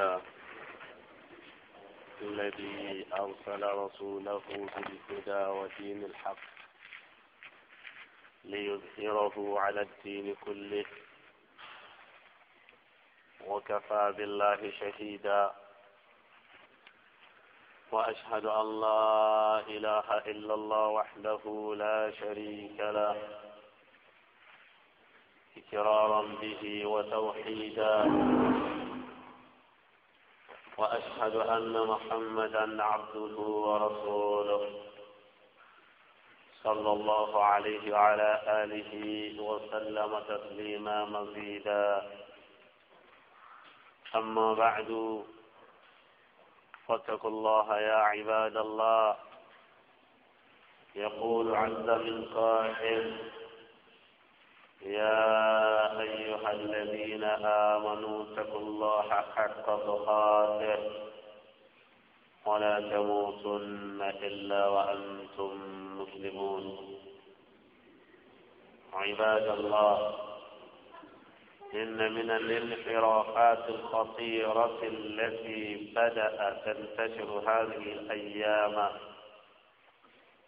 الله الذي أرسل رسوله بالهدى ودين الحق ليظهره على الدين كله وكفى بالله شهيدا وأشهد أن لا إله إلا الله وحده لا شريك له إكرارا به وتوحيدا وأشهد أن محمدا عبده ورسوله صلى الله عليه وعلى آله وسلم تسليما مزيدا أما بعد فاتقوا الله يا عباد الله يقول عز من قائل يا أيها الذين آمنوا اتقوا الله حق تقاته ولا تموتن إلا وأنتم مسلمون عباد الله إن من الانحرافات الخطيرة التي بدأت تنتشر هذه الأيام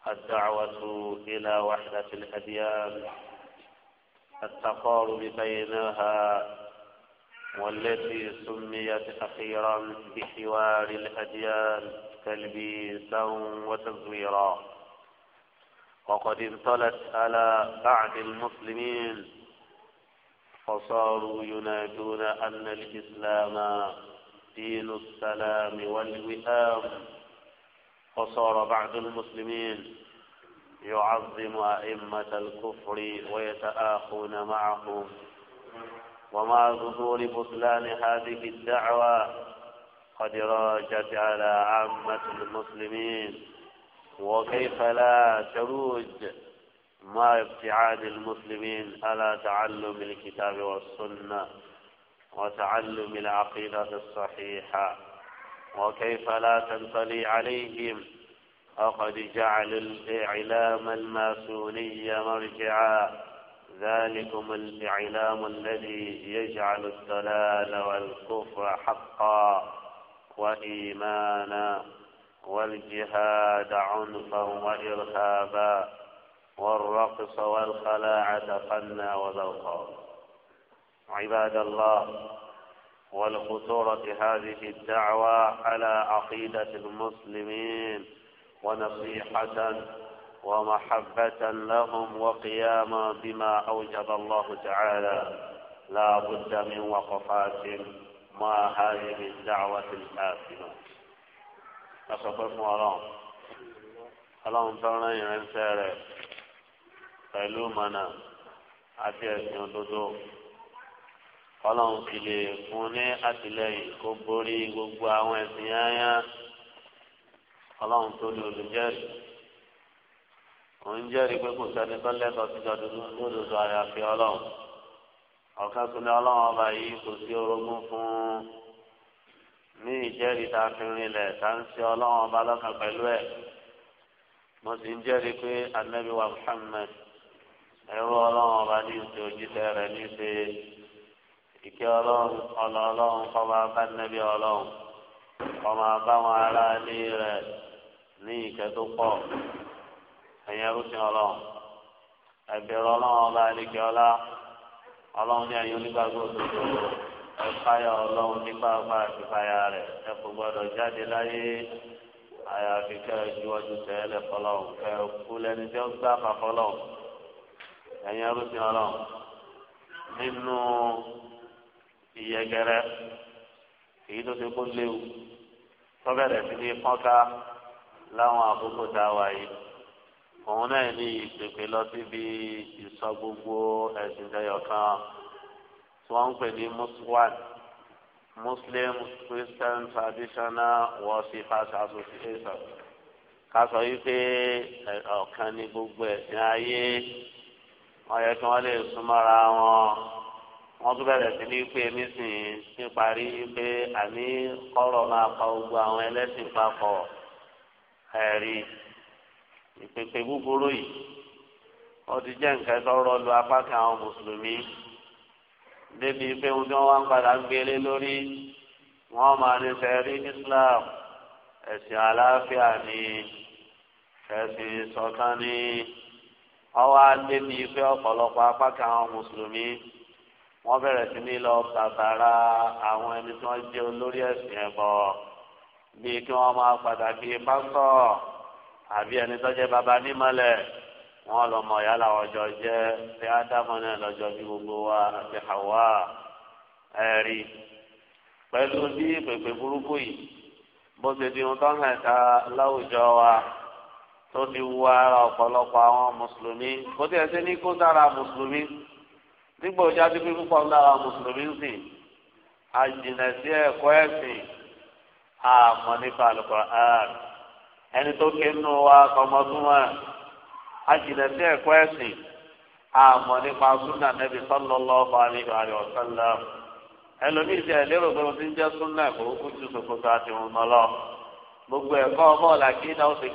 الدعوة إلى وحدة الأديان التقارب بينها والتي سميت أخيرا بحوار الأديان تلبيسا وتزويرا وقد انطلت على بعض المسلمين فصاروا ينادون أن الإسلام دين السلام والوئام فصار بعض المسلمين يعظم أئمة الكفر ويتآخون معهم ومع ظهور بطلان هذه الدعوة قد راجت على عامة المسلمين وكيف لا تروج مع ابتعاد المسلمين على تعلم الكتاب والسنة وتعلم العقيدة الصحيحة وكيف لا تنطلي عليهم وقد جعل الإعلام الماسوني مرجعا ذلكم الإعلام الذي يجعل الضلال والكفر حقا وإيمانا والجهاد عنفا وإرهابا والرقص والخلاعة فنا وذوقا عباد الله ولخطورة هذه الدعوة على عقيدة المسلمين ونصيحة ومحبة لهم وقياما بما أوجب الله تعالى لا بد من وقفات ما هذه الدعوة الآثمة أصبحت مرام اللهم صل على pẹ̀lú mọ̀nà àti ẹ̀sìn òdodo ọlọ́run sì lè fún ní àtìlẹ́yìn kó borí gbogbo àwọn ẹ̀sìn yányán ọlọ́run tó ní olùjẹ́rìí òun jẹ́rìí pé kò sẹ́ni tó lẹ́tọ̀ọ́ sí jọ lódodo àyàfi ọlọ́run ọ̀kan tún ní ọlọ́run ọba yìí kò sí orogún fún ní ìjẹ́rìí tá a fi rinlẹ̀ tá a ń ṣe ọlọ́run ọba lọ́kàn pẹ̀lú ẹ̀ mo sì ń jẹ́rìí pé anabi wa Muhammad ẹ̀rọ ọlọ́run ọba ní ìṣe òjíṣẹ́ rẹ̀ ní ìṣe ìkẹ́ ọlọ́run ọlọ́run kọ́ máa bá anabi ọlọ́run kọ́ máa bá wọn ará ilé rẹ̀ ní ìkẹ́ tó pọ̀ ẹ̀yin ẹrúsìn ọlọ́run ẹ̀bẹ̀rẹ̀ ọlọ́run ọba ẹ̀lẹ́kẹ́ ọlá ọlọ́run ní ẹ̀yin onígbàgbọ́ òdodo ẹ̀fáyà ọlọ́run nípa ọba ìfáyà rẹ̀ ẹ̀kọ́ gbọ́dọ̀ jáde láyé àyàfi kẹ́ ẹ ju ọdún tẹ́lẹ̀ fọlọ́run kẹ́ ẹ kú lẹ́ni tí ó gbá fà fọlọ́run ẹ̀yin ẹrúsìn ọlọ́run nínú ìyẹgẹrẹ èyí tó ti kó léwu tọ́bẹ̀rẹ̀ sí ní pọ́nká láwọn àkókò tá a wà yìí òun náà ní ìpèpè lọ síbi ìsọ gbogbo ẹ̀sìn lẹ́yọ̀ kan tí wọ́n ń pè ní muswan muslim christian traditional worshipers association ká sọ yìí pé ọ̀kan ní gbogbo ẹ̀sìn ayé wọ́n yẹ kí wọ́n lè súnmọ́ra wọn wọ́n tún bẹ̀rẹ̀ sí ní pé nísìnyí níparí pé àní kọ́rọ̀ máa pa gbogbo àwọn ẹlẹ́sìn papọ̀ ẹ̀rí ìpèsè búburú yìí ó ti jẹ́ nǹkan tọrọ lu apá kan àwọn mùsùlùmí débi pé ohun tí wọ́n wá ń padà gbélé lórí wọ́n máa ní sẹ́rí Islam ẹ̀sìn àlàáfíà ni ẹ̀sìn ṣọ̀kan ni ọwọ́ adé ní ife ọ̀pọ̀lọpọ̀ apá kan àwọn mùsùlùmí wọ́n bẹ̀rẹ̀ sí ní lọ tàtàrà àwọn ẹni tí wọ́n jẹ́ olórí ẹ̀sìn ẹ̀bọ bíi kí wọ́n máa pàtàkì pásọ̀ àbí ẹni tó jẹ́ baba nímọ̀lẹ̀ wọ́n lọ mọ̀ yálà ọjọ́ jẹ́ pé ádámọ̀ náà lọ́jọ́ bí gbogbo wa àti Hawa ẹ̀rí pẹ̀lú bí pèpè burúkú yìí bó ṣe di ohun tó ń hàn láwùjọ wa tó ti wú ara ọ̀pọ̀lọpọ̀ àwọn mùsùlùmí kó tiẹ̀ sí ní kó sára mùsùlùmí nígbà òjá ti pín púpọ̀ lára mùsùlùmí sìn àjìnà sí ẹ̀kọ́ ẹ̀sìn. àmọ́ nípa Al-Qur'an ẹni tó ké nù wa kọmọdúnwà àjìnà sí ẹ̀kọ́ ẹ̀sìn àmọ́ nípa súnà nẹ́bí sallallahu alaihi wa sallam ẹlòmíì ti ẹ̀lérò pé o ti ń jẹ́ súnà ìkòrókù tí sòkòtò àti gbogbo ẹ̀kọ́ ọmọ ọ̀làkí náà ó ti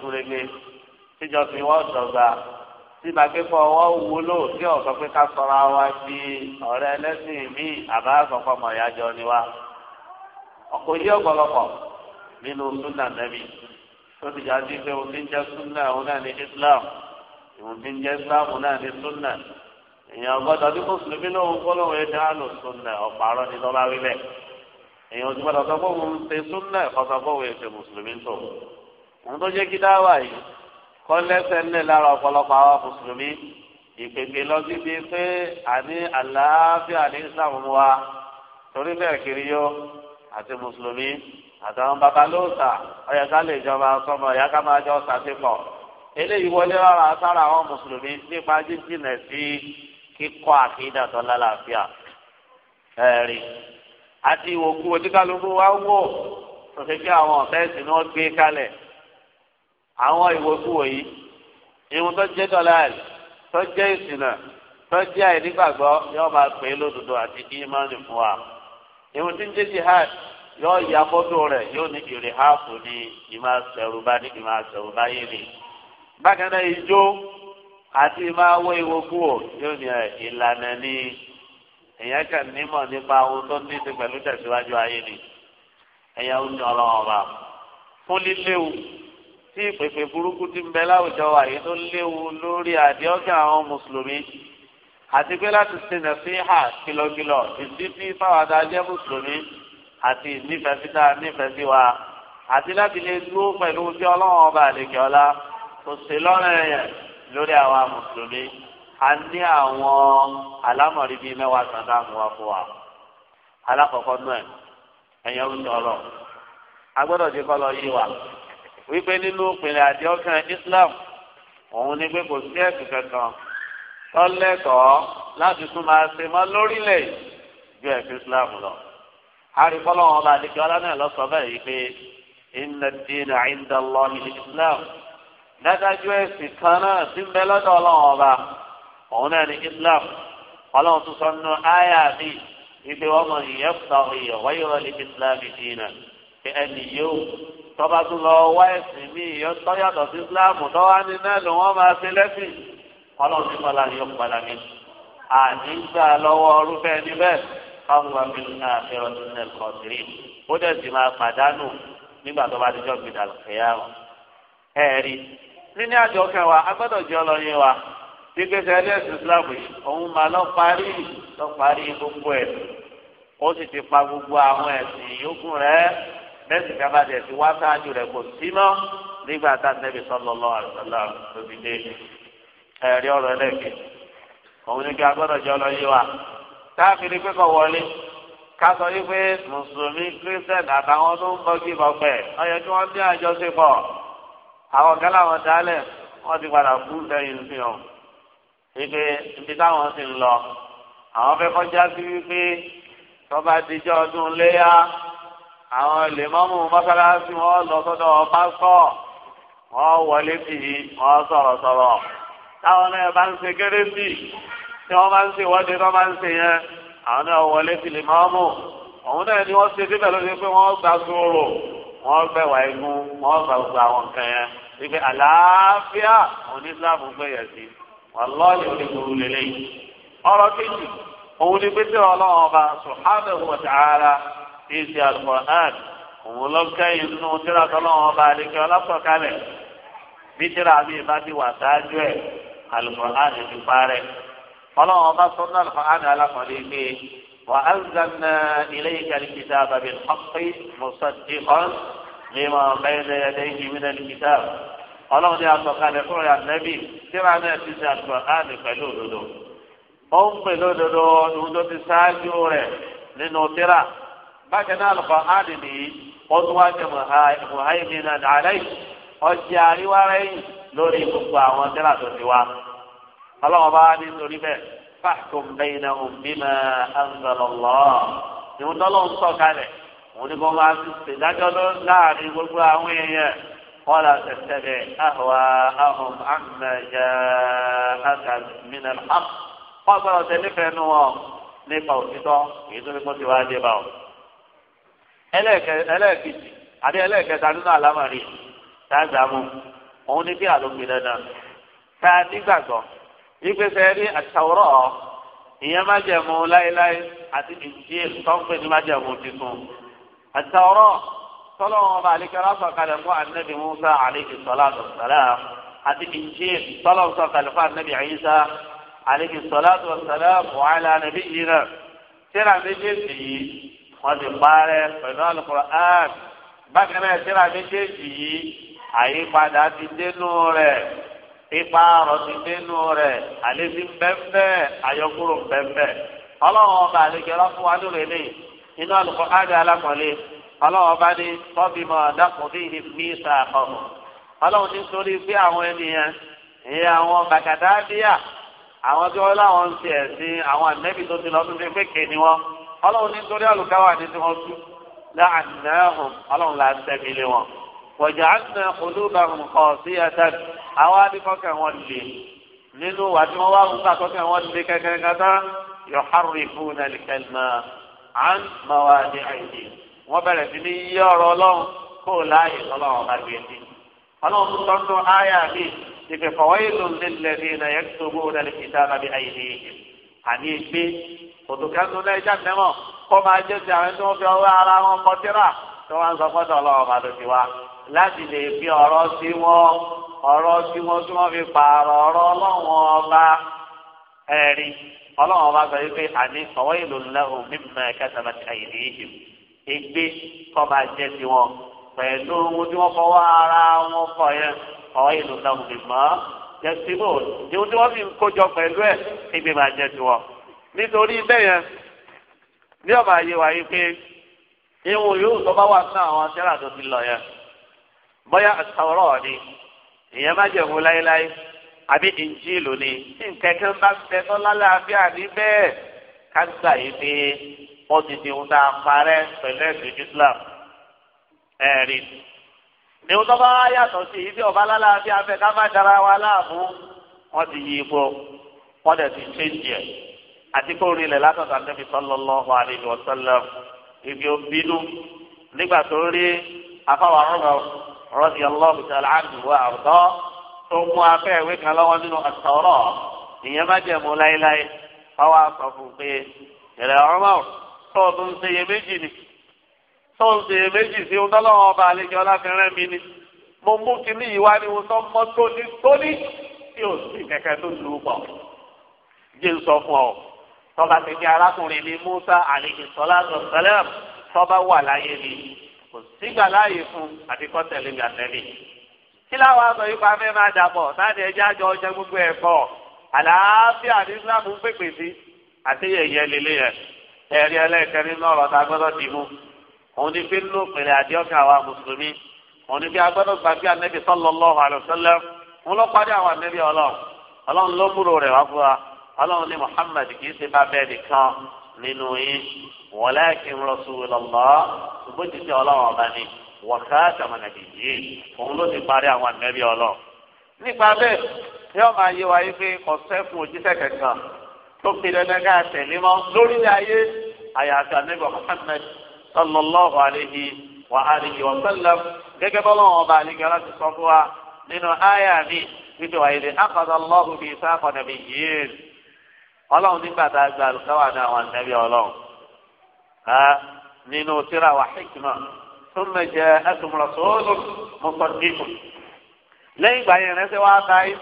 nínú súnà nẹ́bí tó ti jáde pé òun ti ń jẹ́ súnà òun náà ní islam òun ti ń jẹ́ islam òun náà ní súnà èèyàn gbọ́dọ̀ bí mùsùlùmí lòun kọ́ lòun ẹ̀dá lò súnà ọ̀pààrọ̀ ni lọ́ba wí bẹ́ẹ̀ èèyàn ti gbọ́dọ̀ sọ pé òun ṣe súnà ọ̀sọ pé òun ṣe mùsùlùmí tó òun tó jẹ́ kí dáwà yìí kọ́ lẹ́sẹ̀ ńlẹ̀ lára ọ̀pọ̀lọpọ̀ àwọn mùsùlùmí ìpèpè lọ síbi pé àní àlàáfíà ní islam wa torí bẹ́ẹ̀ kiri yó àti mùsùlùmí àtàwọn babalóòsà ọyọ ká lè jọba sọmọ ọyọ ká máa jọ sàtìpọ eléyìí wọlé rárá sára àwọn mùsùlùmí nípa jíjìnà sí kíkọ àkídà tó lálàáfíà ẹ̀rí àti ìwòkú oníkálukú wa wò tòṣe kí àwọn ọ̀tá ẹ̀sìn ni wọ́n gbé kalẹ̀ àwọn ìwòkú wòyí irun tó jẹ́ dọ́làl tó jẹ́ ìsìnà tó jẹ́ àìnígbàgbọ́ yóò máa pè é lódodo àti kí imáàlì fún wa irun tí ń jẹ́ jihad yóò ya fọ́tò rẹ̀ yóò ní ìrè háàfù ní ìmọ̀ àṣẹrùbá ní ìmọ̀ àṣẹrùbá yé ni. bákan náà ijó àti ìmọ̀ awọ ìwo kú ò yóò ní ìlànà ní èèyàn kan nímọ̀ nípa ohun tó ní ti pẹ̀lú tẹ̀síwájú ayé ni ẹ̀yàn ń yan ọlọ́run ọba fún líléwu tí ìpèpè burúkú ti ń bẹ láwùjọ wa yìí tó léwu lórí àdéhùn àwọn mùsùlùmí àti pé láti sinà sí hà kìlọ̀kìlọ̀ ìdí fífáwádà jẹ́ àti nífẹ̀ẹ́ sí nífẹ̀ẹ́ sí wa àti láti lè dúró pẹ̀lú bí ọlọ́run ọba àlejò ọlá kò sí lọ́rùn ẹ̀yẹ lórí àwa mùsùlùmí a ní àwọn alámọ̀rí bíi mẹ́wàá sàdá àmúwá fún wa alákọ̀ọ́kọ́ nù ẹ̀ ẹ̀yẹ ń sọ̀rọ̀ a gbọ́dọ̀ ti kọ́ lọ yí wa wípé nínú ìpìlẹ̀ àdéhùn Islam òun ni pé kò sí ẹ̀sùn kankan tọ́lẹ́tọ̀ọ́ láti tún máa ṣe mọ́ lórílẹ̀ ju ẹ̀sìn Islam lọ àrí fọlọ́wọ́n ọba àdìkẹ́ ọlọ́nà lọ́sọ̀ bẹ́ẹ̀ yìí pé iná dínà ìdá lọ́ọ̀lì islam dájú ẹ̀sìn kan náà sí ń bẹ lọ́dọ̀ ọlọ́wọ́n ọba òun náà ní islam ọlọ́wọ́n tún sọ nínú áyà mi wípé wọ́n mọ̀ ìyẹn fúta òye wáyọ̀ ní islam dínà pé ẹnì yóò tọ́ba tún lọ wá ẹ̀sìn mi ìyọ́ tọ́yàtọ̀ sí islam tọ́wá ní náà ló wọ́n máa fi lẹ́sìn ọlọ́wọ́n fáwọn amílùkà àfẹ́rọ̀ nínú ẹ̀kọ́ tìrì ó dẹ̀ sì máa pàdánù nígbà tó bá dijọ́ gbèdà lọ́kẹ́yà wọn. ẹ̀rí nínú àjọ kẹwàá agbọ́dọ̀ jẹ́ ọlọ́yin wa gbígbésẹ̀ ẹlẹ́sìn Islam yìí òun máa lọ parí lọ parí gbogbo ẹ̀ ó sì ti pa gbogbo àwọn ẹ̀sìn yòókù rẹ̀ bẹ́ẹ̀sì kaba jẹ̀ ti wá sáájú rẹ̀ kò sí mọ́ nígbà tá a nẹ́bi sallallahu alaihi wasallam lóbi káfíìrì pé kọ wọlé kásọ wípé mùsùlùmí kírísítẹ̀nì àtàwọn tó ń bọ́gí bọ́pẹ́ ọyọ kí wọ́n ní àjọṣepọ̀ àwọn ọ̀gá làwọn dálẹ̀ wọ́n ti padà kú lẹ́yìn sí ọ. wípé ibi táwọn sì ń lọ àwọn fẹ́ kọjá sí wípé tọ́ba dijọ́ ọdún léyà àwọn lèmọ́mù mọ́sálásí wọ́n lọ sọ́dọ̀ pásítọ̀ wọ́n wọlé tì í wọ́n sọ̀rọ̀sọ̀rọ̀ táwọn náà bá ń ṣe kérésì tí wọ́n máa ń ṣe ìwọ́de tó máa ń ṣe yẹn àwọn náà wọlé fìlì máa mú òun náà ni wọ́n ṣe síbẹ̀ ló ṣe pé wọ́n gba sóró wọ́n gbẹ̀wà igun wọ́n gba gbogbo àwọn nǹkan yẹn wípé àlàáfíà onísàmù gbẹ̀yẹ̀ sí wàlọ́ọ̀lì onígbòrú lélẹ́yìn ọ̀rọ̀ kejì òun ni pété ọlọ́run ọba subhanahu wa ta'ala ti ṣe al òun ló ọlọ́run ọba sọ́nà àná alákọ̀ọ́lẹ́ pé wà á zanna ilé ìkàlì kìtà bàbí ọ̀pẹ́ mùsàdìkọ́n ní ma bẹ́ẹ̀ lẹ́yìn lẹ́yìn ìmìnà kìtà ọlọ́run ní asọ̀kalẹ̀ fún ọ̀yà nẹ́bí tí wàá náà ti ṣe àlùkùránì pẹ̀lú òdodo ó ń pè lódodo ohun tó ti ṣáájú rẹ̀ nínú tíra bákan náà àlùkùránì nìyí ó tún wáá jẹ mùháìmínà àlẹ́ ọjà àríwá rẹ̀ lórí gbogbo àwọn tíra tó ti wá ọlọ́wọ́n bá ní torí bẹ́ẹ̀ fàtó mbẹ́yìnà òbímọ àǹzọ̀lọ́lọ́ ìwọ́n tọ́lọ́ ń sọ kalẹ̀ òun ni kò máa fi ṣèdájọ́ láàrin gbogbo àwọn èèyàn kọ́lá tẹ̀tẹ̀rẹ̀ àhùwà àhùn àmàjà àgàmìnà àp wọ́n sọ̀rọ̀ tẹ̀lé wọn nípa òtítọ́ èyí tó ní kó ti wá dé bá ọ. ẹlẹ́ẹ̀kejì àbí ẹlẹ́ẹ̀kẹta nínú àlámọ̀rí tá mú òun ni bí àlòkè dandan tá a nígbàgbọ́ ìgbésẹ̀ rí àtàwọ̀rọ̀ ìyẹn má jẹ̀mú láéláé àti ìdíyẹ tọ́ǹpẹ̀ ní má jẹ̀mú tuntun àtàwọ̀rọ̀ tọ́lọ́wọ́n bá àlekẹ́rọ́ sọ̀kalẹ̀ fún anabi musa aleyhi salatu salam àti ìdíyẹ tọ́lọ́wọ́n sọ̀kalẹ̀ fún anabi isa aleyhi salatu salam wàhálà anabi yìnyínà tíra méjèèjì yìí wọ́n ti parẹ́ pẹ̀lú alukur'an bákan náà tíra méjèèjì yìí àyípadà ti dénú rẹ̀. ipa rọ̀sí nínú rẹ̀ àlébí bẹ́ẹ̀ àyọkúrò bẹ́ẹ̀ ọlọ́run ọba àlejò ọlọ́fún wa lóore ní inú àlùkò ága alákọ̀ọ́lé ọlọ́run ọba ní tọ́bìmọ̀ dákùnrin ní mísà àkọ́mọ̀ ọlọ́run nítorí pé àwọn ènìyàn àwọn bàkàtà bíyà àwọn tí wọ́n láwọn ń àwọn ànẹ́bí tó ti lọ ni wọ́n tú láàánú waja'alna qulubahum qasiyatan àwọn adìkọ́kẹ́ wọn lè nínú wà tí wọ́n wá ń gbà kọ́kẹ́ wọn lè kẹ́kẹ́ kátá yuharrifuna al-kalima an mawadi'ihi wọ́n bẹ̀rẹ̀ sí ní yí ọ̀rọ̀ ọlọ́run kó o láàyè ọlọ́run bá gbé sí. ọlọ́run tó tọ́jú áyà mi ìfẹ́ fawailun lilladhina yaktubuna al-kitaba bi'aydihim. àní ìgbé òtùkẹ́nu náà ìjà mẹ́mọ̀ kó máa jẹ́ ti àwọn tí wọ́n fi ọwọ́ ara wọn kọtíra tí wọ́n ń sọ fọ́tọ̀ ọlọ́run bá lọ sí wa láti lè fi ọ̀rọ̀ sí wọn ọ̀rọ̀ sí wọn tí wọ́n fi pààrọ̀ ọ̀rọ̀ ọlọ́run ọba ẹ̀rí ọlọ́run ọba sọ wípé àní sọ̀wọ́ ìlú ńlá omi mọ̀ ẹ̀kẹ́ta bá ti àyèlè yìí ègbé kọ́ba jẹ́ sí wọn pẹ̀lú ohun tí wọ́n fọwọ́ ara wọn fọ yẹn sọ̀wọ́ ìlú ńlá omi mọ̀ jẹ́ sí wọn ìdí tí wọ́n fi ń kójọ pẹ̀lú ẹ̀ ègbé máa jẹ́ sí wọn nítorí bẹ́ẹ̀ yẹn ní ọ̀bà bóyá àtàwọ̀rọ̀ ni ìyẹn má jẹ̀ wọ láéláé àbí ìjìlù ni nkẹ́kẹ́ bá fẹ́ tọ́lá láàbíà ní bẹ́ẹ̀ ká gbà yìí pé wọ́n ti di ohun tá a parẹ́ pẹ̀lú ẹ̀sìn Islam ẹ̀rí. ní ohun tó bá yàtọ̀ sí ibi ọ̀bá lálàáfíà fẹ́ ká má dara wa láàbù wọ́n ti yí ipò wọ́n dẹ̀ ti ṣéǹjì ẹ̀ àti kó rinlẹ̀ látọ̀tà níbi sallallahu alaihi wasallam ibi òbínú nígbà tó rí afáwà rọ̀rọ̀ radiyallahu ta'ala anhu wa arda tó mú afẹ́ ìwé kan lọ́wọ́ nínú àtọ̀rọ̀ ìyẹn má jẹ́ mú láéláé ọwọ́ àpò fún pé ìrẹ̀ ọmọ tó o tún ṣe iyèméjì ni tó o ṣe iyèméjì sí ohun tọ́lọ́wọ́ ọba àlejò ọláfẹ́rẹ́ mi ni mo mú kíní yìí wá ní wọ́n mọ́ tóní tóní tí o sì kẹ̀kẹ́ tó lù ú pọ̀ jẹ́ sọ fún ọ tọ́ba ti di arákùnrin ní Musa alayhi salatu wassalam tọ́ba wà láyé ni. kò sígbà láàyè fún àtikọ́ tẹ̀lé mi àtẹ́lẹ̀ kí láwọn aṣọ yìí pa fẹ́ máa dàbọ̀ sáàdì ẹjẹ́ àjọ ọjọ́ gbogbo ẹ̀kọ́ àlàáfíà ní Islam ń pèpè sí àtẹ̀yẹyẹ lélẹ̀ yẹn ẹ̀rí ẹlẹ́ẹ̀kẹ́ nínú ọ̀rọ̀ tá a gbọ́dọ̀ dì mú òun ni fi ń pèlè mùsùlùmí òun ni fi agbọ́dọ̀ anẹ́bí Muhammad nínú yín walakin rasulullah ṣùgbọ́n ti ṣe ọlọ́run ọba ni wọ̀ká àtàmọ̀nàbì yìí òun ló ti parí àwọn ànábì ọlọ́ nípa bẹ́ẹ̀ tí ó máa yé wa yí pé ọ̀sẹ̀ fún òjíṣẹ́ kankan tó fi dandan ká tẹ̀lé mọ́ lórílẹ̀ ayé àyàfi ànábì Muhammad sallallahu alayhi wa alihi wa sallam gẹ́gẹ́ bọ́lọ́run ọba àlejò ọlọ́run nígbà tá a gba àlùkáwà ní àwọn ànábì ọlọ́run nínú síra wà hikima tó ń mẹjẹ ẹsùn rọ̀sọ́ọ́lù mọ́tòdìkù lẹ́yìn ìgbà yẹn rẹ́sẹ̀ wá ta yín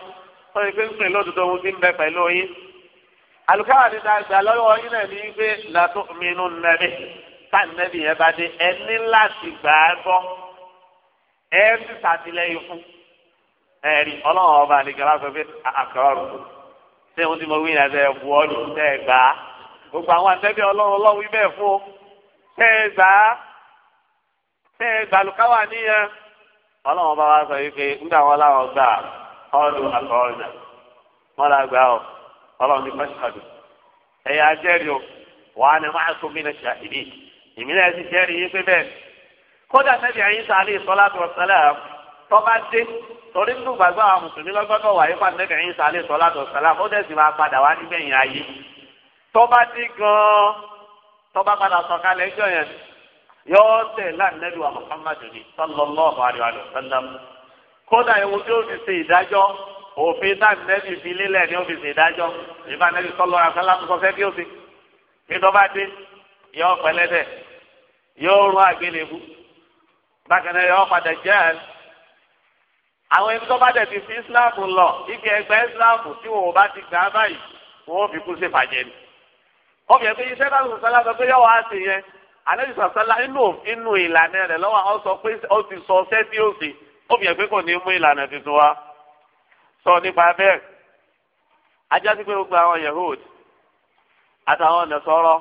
tó yẹ pé ń pè lódodo ohun tí ń bẹ pẹ̀lú yín àlùkáwà ní dàgbà lọ́wọ́ yín náà ní pé làtó mìínú nẹ́bí káànẹ́bí yẹn bá dé ẹ láti gbà á gbọ́ ẹ ń sàtìlẹ́yìn fún ẹ̀rí ọlọ́run ọba àdìgbà láti fi àkàrọ̀ ṣé wọ́n ti wí ìrìnàjò ẹ̀ bu ọ́dún tẹ́ ẹ gbà á gbogbo àwọn àtẹ́bí ọlọ́run ọlọ́run wí bẹ́ẹ̀ fún tẹ́ ẹ gbà á tẹ́ ẹ gbà lùkáwà níyẹn ọlọ́run bá wa sọ yìí pé nígbà wọn láwọn o wà á ní kó mi náà jẹ́rìí yín pé bẹ́ẹ̀ kódà sọ́lá tọ́ba dé torí nínú gbàgbọ́ àwọn mùsùlùmí lọ́gbọ́dọ̀ wà yípa nẹ́kẹ̀ Ìsá alayhi salatu wassalam ó dẹ̀sí máa padà wá nígbẹ̀yìn ayé tọ́ba dé gan-an tọ́ba padà sọ̀kalẹ̀ ẹjọ́ yẹn yọ́ọ́ tẹ̀ láńlẹ́bí wa Muhammadu ni sallallahu alayhi wa sallam kódà ewu tí ó fi ṣe ìdájọ́ òfin táǹdẹ́bì fi lélẹ̀ ni ó fi ṣe ìdájọ́ ìbá nẹ́bí sọ́lọ́ àfẹ́lámùsọ́fẹ́ kí ó fi kí tọ́ba dé yọ́ọ́ pẹ́lẹ́dẹ̀ yọ́ọ́ rún àwọn ẹni tó bá dẹ̀ ti fi islam lọ ibi ẹgbẹ́ islam tí wọn ò bá ti gbà báyìí wọn ò fi kú sí fàjẹ́ ni. wọ́n fi ẹ̀ pé iṣẹ́ náà sọ̀rọ̀ sọ́lá sọ pé yọ̀wọ́ á sì yẹn àlejò sọ̀sọ́lá inú inú ìlànà rẹ̀ lọ́wọ́ ọ sọ pé ó ti sọ ọsẹ́ tí ó sì ó fi ẹ̀ pé kò ní mú ìlànà tuntun wá. sọ nípa bẹ́ẹ̀ ajá sí pé gbogbo àwọn yahood àtàwọn nẹ̀sọ́rọ́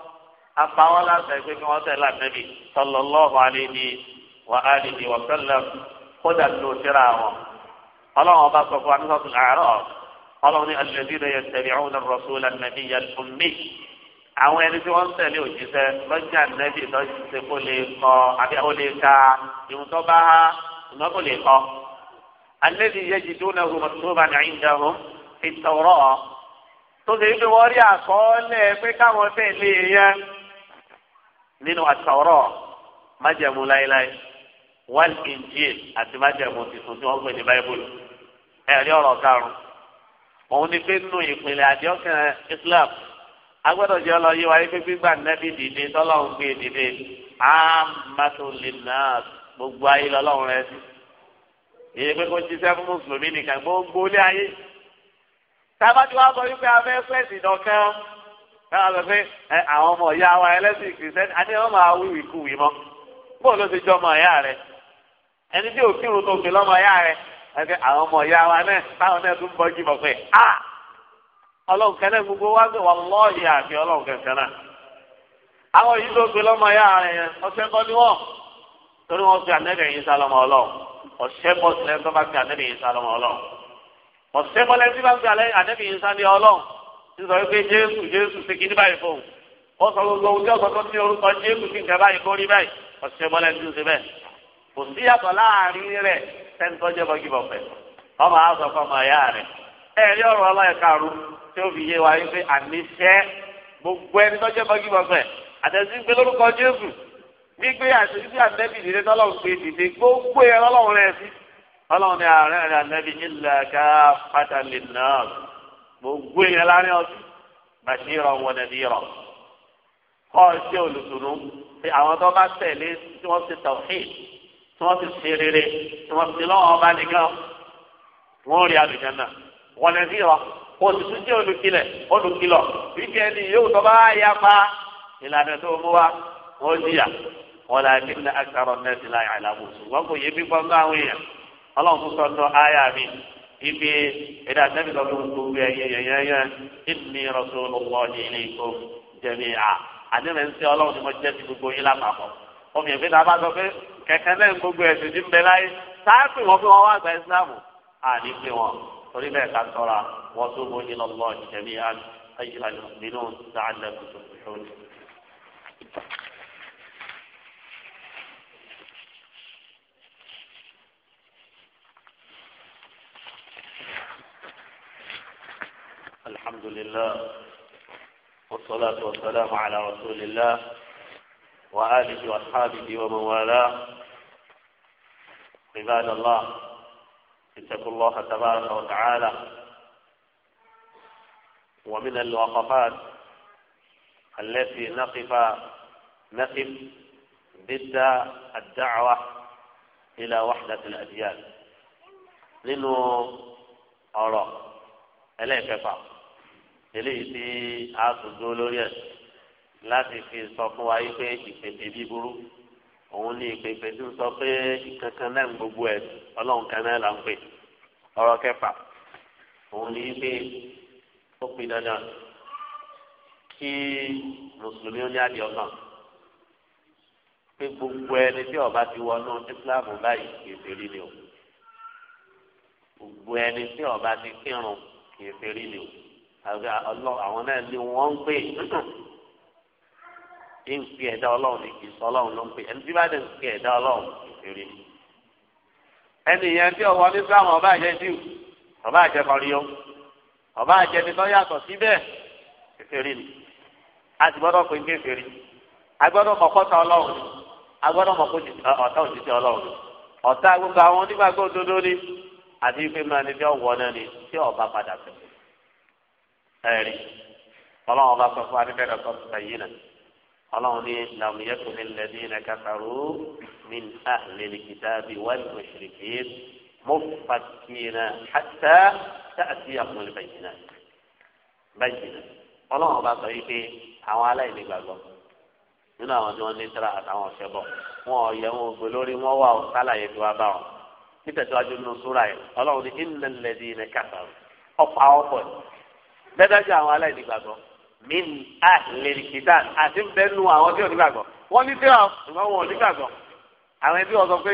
apáwọn láti ẹ̀ ọlọ́run ọba sọ fún wa nígbà tó àárọ̀ ọlọ́run ní alẹ́dínlẹ́ yẹn tẹ̀lé ọ̀hún rọ̀ṣúlá nàbí yẹn fúnmi àwọn ẹni tí wọ́n ń tẹ̀lé òjíṣẹ́ lọ́jà nẹ́bí lọ́jọ́ kó lè kọ́ àbí ó lè ka ìhun tó bá ìmọ̀ kó lè kọ́. alẹ́dínlẹ́ yẹn jìdó náà wọ́n tó bá nàá ń fi tọ̀rọ̀ tó ṣe wípé wọ́n rí àkọọ́lẹ̀ pé káwọn tẹ̀lé e yẹn nínú àtọ̀rọ̀ májẹ̀mú láéláé wal injil tí wọ́n gbé ní báyìbùlù. ẹ̀rí ọ̀rọ̀ karùn-ún ni pé nínú ìpìlẹ̀ àdéhùn Islam agbọ́dọ̀ jẹ́ ọlọ́yé wáyé pé gbígbà nẹ́bí dìde tọ́lọ́run gbé e dìde amatulinas gbogbo ayé lọ́lọ́run rẹ sí pé kó jíṣẹ́ fún mùsùlùmí nìkan gbogbo ilé ayé tábàtí wàá sọ wípé afẹ́fẹ́ ìdìdàn kan káwọn sọ pé àwọn ọmọ ìyá wa ẹlẹ́sìn kìrìsẹ́nì àti mọ́ ti jọ ọmọ ìyá rẹ ẹni tí òkìrun ẹgbẹ́ àwọn ọmọ ìyá wa náà táwọn náà tún bọ́ jìbọ̀ pé a ọlọ́run kẹ́lẹ́ gbogbo wa gbé wa lọ́ọ̀yì àti ọlọ́run kẹ̀kẹ́ náà. àwọn yìí ló gbé lọ́mọ ìyá rẹ̀ yẹn ọ̀sẹ̀ kọ́ ni wọ́n torí wọ́n fi ànẹ́bẹ̀ yìí sálọmọ ọlọ́run ọ̀sẹ̀ bọ́ sílẹ̀ tó bá fi ànẹ́bẹ̀ yìí sálọmọ ọlọ́run ọ̀sẹ̀ bọ́lẹ̀ tí bá fi ànẹ́bẹ̀ yìí sálẹ̀ ọlọ́run sísọ wípé jésù jésù ṣe kí ní báyìí fóun ó sọ gbogbo ohun tí ó sọ tó ní orúkọ jésù kí nǹkan báyìí kó rí báyìí ọ̀sẹ̀ bọ́lẹ̀ tí ó ṣe bẹ́ẹ̀ kò síyàtọ̀ láàrin rẹ̀ sẹ́ni tó jẹ́ bọ́gí bọ̀fẹ́ ọmọ àzọ fọmọ ẹ̀yà rẹ̀ ẹ̀rí ọ̀rọ̀ ọlọ́ọ̀kàrú tí ó fi yé wa yín pé àníṣe gbogbo ẹni tó jẹ́ bọ́gí bọ̀fẹ́ àtẹ̀sí gbé lórúkọ Jésù gbígbé àtẹ̀sí àtẹ́bí ìdílé tọ́lọ́run pé dìde gbogbo ẹ̀ ọlọ́run rẹ̀ sí ọlọ́run ní ààrẹ rẹ̀ àtẹ́bí nílẹ̀ ká pátálì náà gbogbo ẹ̀ láàrin ọtí tí wọ́n ti ṣe rere tí wọ́n ti lọ́wọ́ ọba nìkan wọ́n rí àlùjánnà wọ́n lè fi hàn kó o sì tún jẹ́ olùkilẹ̀ olùkilọ̀ wípé ẹni yóò tọ́ bá yá pa ìlànà tó mú wa wọ́n jìyà wọ́n lè fi ní akitaro nẹ́ẹ̀sì láì àlàbò ṣùgbọ́n kò yé bí gbọ́ngàn àwọn èèyàn ọlọ́run tún sọ tó áyà mi ibi ẹ̀dá àtẹ́bí sọ fún gbogbo ẹ̀yẹ yẹ̀yẹ́yẹ́ ìdí rasulullah ilé ìkó jẹ̀mí à àdéhùn ẹ̀ ń sẹ́ ọlọ́run ni mo jẹ́ ti gbogbo yín lápapọ̀ ọmọ ìfẹ́ náà bá sọ pé kẹ̀kẹ́ lẹ́yìn gbogbo ẹ̀sìn ti ń bẹ láyé sáàpì wọn fún wọn wá gba ìsìlámù àní pé wọn torí bẹ́ẹ̀ ká sọ́ra wọ́n tó bó ní lọ́lọ́ ìjẹ̀mí ayé àlùmínú sáàlẹ̀ tuntun الحمد لله والصلاة والسلام على رسول الله وآله وأصحابه ومن والاه عباد الله اتقوا الله تبارك وتعالى ومن الوقفات التي نقف نقف ضد الدعوة إلى وحدة الأديان لأنه أرى إليك فقط إليك في عصر دولوريس láti fi sọ fún wa wípé ìpèpè bíburú òun ní ìpèpè tó sọ pé ìkankan náà ń gbogbo ẹ ọlọ́run kan náà là ń pè ọ̀rọ̀ kẹfà òun ní pé ó pin dandan kí mùsùlùmí ó ní adìẹ ọkàn pé gbogbo ẹni tí ọba ti wọnú islam báyìí kèfè rí ni o gbogbo ẹni tí ọba ti kírun kèfè rí ni o àwọn náà ni wọ́n ń pè ń pè ẹ̀dá ọlọ́run ní ọlọ́run ló ń pè ẹni tí bá dẹ̀ ń ẹ̀dá ọlọ́run kékeré ẹni yẹn tí ọwọ́ ní sáwọn ọba àjẹ jù ọba àjẹ ọba àjẹ yàtọ̀ síbẹ̀ kékeré ni. a ti gbọ́dọ̀ pé kékeré a gbọ́dọ̀ mọ̀ kọ́ta ọlọ́run a gbọ́dọ̀ mọ̀ kó ọ̀tá òṣìṣẹ́ ọlọ́run ọ̀tá ni àti ife máa ní ọlọ́run ní làmúyẹ́kùn ní lẹ́bí ní kàtàrú ní àhìlẹ́lì kìtàbí wà ní mọ̀ṣirìkì mọ̀fàkìnà hàtà tààtì àkùnrin bàjìnà bàjìnà ọlọ́run bá sọ wípé àwọn aláìní gbàgbọ́ nínú àwọn tí wọ́n ní tẹ́lá àtàwọn ọ̀ṣẹ́ bọ̀ wọn ò yẹ wọn ògbó lórí wọn wà sálàyé tí wọ́n bá wọn nítẹ̀síwájú nínú súra yẹn ọlọ́run ní ìnlẹ̀lẹ́dì ní kàtàrú ọ̀pọ̀ àwọn pọ̀ min ahlil kitab àti bẹ́ẹ̀nu àwọn tí ò ní gbàgbọ́ wọ́n ní tí wọ́n wọ̀ ní gbàgbọ́ àwọn ẹbí wọn sọ pé